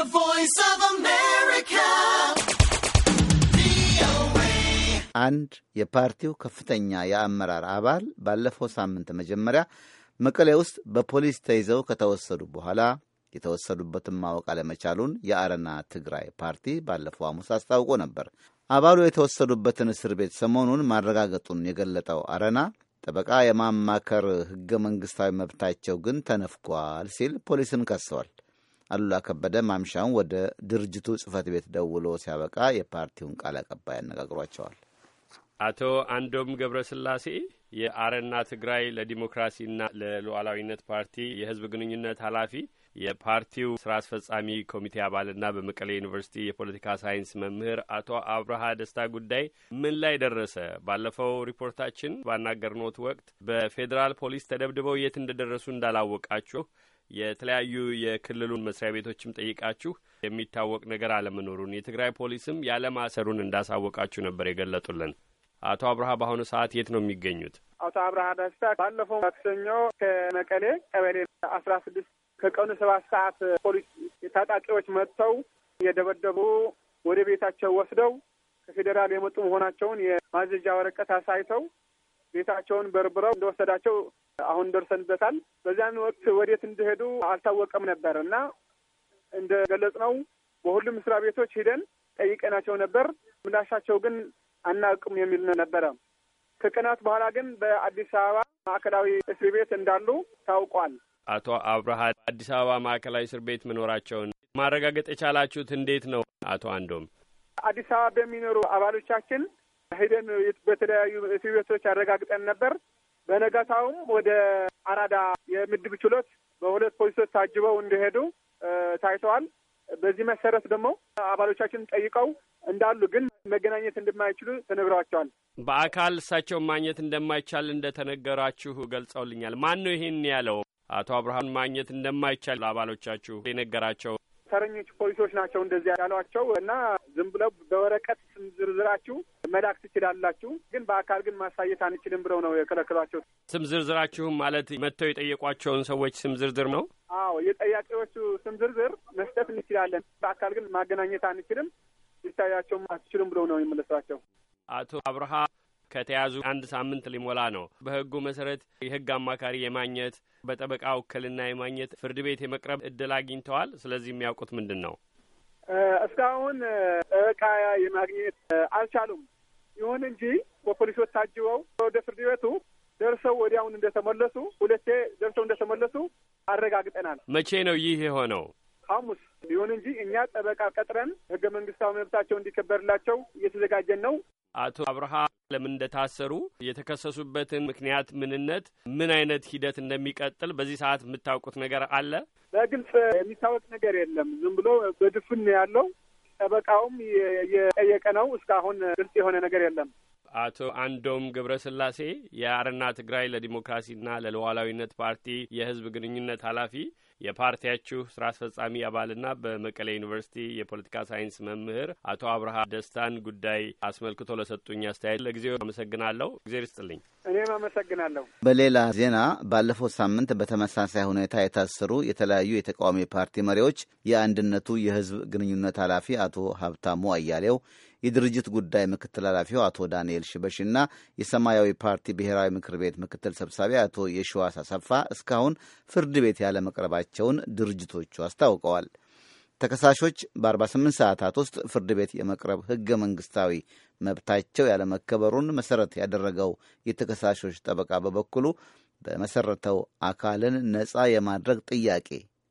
The Voice of America. አንድ የፓርቲው ከፍተኛ የአመራር አባል ባለፈው ሳምንት መጀመሪያ መቀሌ ውስጥ በፖሊስ ተይዘው ከተወሰዱ በኋላ የተወሰዱበትን ማወቅ አለመቻሉን የአረና ትግራይ ፓርቲ ባለፈው ሐሙስ አስታውቆ ነበር። አባሉ የተወሰዱበትን እስር ቤት ሰሞኑን ማረጋገጡን የገለጠው አረና ጠበቃ የማማከር ሕገ መንግሥታዊ መብታቸው ግን ተነፍጓል ሲል ፖሊስን ከሰዋል። አሉላ ከበደ ማምሻውን ወደ ድርጅቱ ጽህፈት ቤት ደውሎ ሲያበቃ የፓርቲውን ቃል አቀባይ ያነጋግሯቸዋል። አቶ አንዶም ገብረስላሴ የአረና ትግራይ ለዲሞክራሲና ለሉዓላዊነት ፓርቲ የህዝብ ግንኙነት ኃላፊ የፓርቲው ስራ አስፈጻሚ ኮሚቴ አባልና በመቀሌ ዩኒቨርሲቲ የፖለቲካ ሳይንስ መምህር አቶ አብርሃ ደስታ ጉዳይ ምን ላይ ደረሰ? ባለፈው ሪፖርታችን ባናገርኖት ወቅት በፌዴራል ፖሊስ ተደብድበው የት እንደደረሱ እንዳላወቃችሁ የተለያዩ የክልሉን መስሪያ ቤቶችም ጠይቃችሁ የሚታወቅ ነገር አለመኖሩን የትግራይ ፖሊስም ያለማሰሩን እንዳሳወቃችሁ ነበር የገለጡልን። አቶ አብርሃ በአሁኑ ሰዓት የት ነው የሚገኙት? አቶ አብርሃ ደስታ ባለፈው ማክሰኞ ከመቀሌ ቀበሌ አስራ ስድስት ከቀኑ ሰባት ሰዓት ፖሊስ ታጣቂዎች መጥተው እየደበደቡ ወደ ቤታቸው ወስደው ከፌዴራል የመጡ መሆናቸውን የማዘዣ ወረቀት አሳይተው ቤታቸውን በርብረው እንደወሰዳቸው አሁን ደርሰንበታል። በዚያን ወቅት ወዴት እንደሄዱ አልታወቀም ነበር እና እንደ ነው በሁሉም መስሪያ ቤቶች ሂደን ጠይቀናቸው ነበር። ምላሻቸው ግን አናውቅም የሚል ነበረ። ከቀናት በኋላ ግን በአዲስ አበባ ማዕከላዊ እስር ቤት እንዳሉ ታውቋል። አቶ አብርሃ አዲስ አበባ ማዕከላዊ እስር ቤት መኖራቸውን ማረጋገጥ የቻላችሁት እንዴት ነው? አቶ አንዶም አዲስ አበባ በሚኖሩ አባሎቻችን ሂደን በተለያዩ እስር ቤቶች አረጋግጠን ነበር። በነጋታውም ወደ አራዳ የምድብ ችሎት በሁለት ፖሊሶች ታጅበው እንደሄዱ ታይተዋል። በዚህ መሰረት ደግሞ አባሎቻችን ጠይቀው እንዳሉ ግን መገናኘት እንደማይችሉ ተነግሯቸዋል። በአካል እሳቸውን ማግኘት እንደማይቻል እንደተነገራችሁ ገልጸውልኛል። ማን ነው ይህን ያለው? አቶ አብርሃም ማግኘት እንደማይቻል አባሎቻችሁ የነገራቸው ተረኞች ፖሊሶች ናቸው እንደዚያ ያሏቸው እና ዝም ብለው በወረቀት ስም ዝርዝራችሁ መላክ ትችላላችሁ፣ ግን በአካል ግን ማሳየት አንችልም ብለው ነው የከለከሏቸው። ስም ዝርዝራችሁም ማለት መጥተው የጠየቋቸውን ሰዎች ስም ዝርዝር ነው? አዎ የጠያቂዎቹ ስም ዝርዝር መስጠት እንችላለን፣ በአካል ግን ማገናኘት አንችልም፣ ሊታያቸውም አትችሉም ብለው ነው የመለሷቸው። አቶ አብርሃ ከተያዙ አንድ ሳምንት ሊሞላ ነው። በህጉ መሰረት የህግ አማካሪ የማግኘት በጠበቃ ውክልና የማግኘት ፍርድ ቤት የመቅረብ እድል አግኝተዋል። ስለዚህ የሚያውቁት ምንድን ነው? እስካሁን ጠበቃ የማግኘት አልቻሉም። ይሁን እንጂ በፖሊሶች ታጅበው ወደ ፍርድ ቤቱ ደርሰው ወዲያውን እንደተመለሱ ሁለቴ ደርሰው እንደተመለሱ አረጋግጠናል። መቼ ነው ይህ የሆነው? ሐሙስ። ይሁን እንጂ እኛ ጠበቃ ቀጥረን ህገ መንግስታዊ መብታቸው እንዲከበርላቸው እየተዘጋጀን ነው። አቶ አብርሃ ለምን እንደታሰሩ የተከሰሱበትን ምክንያት ምንነት፣ ምን አይነት ሂደት እንደሚቀጥል በዚህ ሰዓት የምታውቁት ነገር አለ? በግልጽ የሚታወቅ ነገር የለም። ዝም ብሎ በድፍን ያለው ጠበቃውም የጠየቀ ነው። እስካሁን ግልጽ የሆነ ነገር የለም። አቶ አንዶም ገብረስላሴ የአረና ትግራይ ለዲሞክራሲና ለሉዓላዊነት ፓርቲ የህዝብ ግንኙነት ኃላፊ የፓርቲያችሁ ስራ አስፈጻሚ አባልና በመቀሌ ዩኒቨርሲቲ የፖለቲካ ሳይንስ መምህር አቶ አብርሃ ደስታን ጉዳይ አስመልክቶ ለሰጡኝ አስተያየት ለጊዜው አመሰግናለሁ። እግዜር ይስጥልኝ። እኔም አመሰግናለሁ። በሌላ ዜና ባለፈው ሳምንት በተመሳሳይ ሁኔታ የታሰሩ የተለያዩ የተቃዋሚ ፓርቲ መሪዎች የአንድነቱ የህዝብ ግንኙነት ኃላፊ አቶ ሀብታሙ አያሌው የድርጅት ጉዳይ ምክትል ኃላፊው አቶ ዳንኤል ሽበሽና የሰማያዊ ፓርቲ ብሔራዊ ምክር ቤት ምክትል ሰብሳቢ አቶ የሸዋስ አሰፋ እስካሁን ፍርድ ቤት ያለመቅረባቸው መያዛቸውን ድርጅቶቹ አስታውቀዋል። ተከሳሾች በ48 ሰዓታት ውስጥ ፍርድ ቤት የመቅረብ ሕገ መንግሥታዊ መብታቸው ያለመከበሩን መሠረት ያደረገው የተከሳሾች ጠበቃ በበኩሉ በመሠረተው አካልን ነፃ የማድረግ ጥያቄ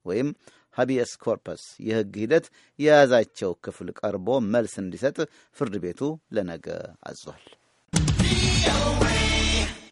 ወይም ሀቢየስ ኮርፐስ የሕግ ሂደት የያዛቸው ክፍል ቀርቦ መልስ እንዲሰጥ ፍርድ ቤቱ ለነገ አዟል።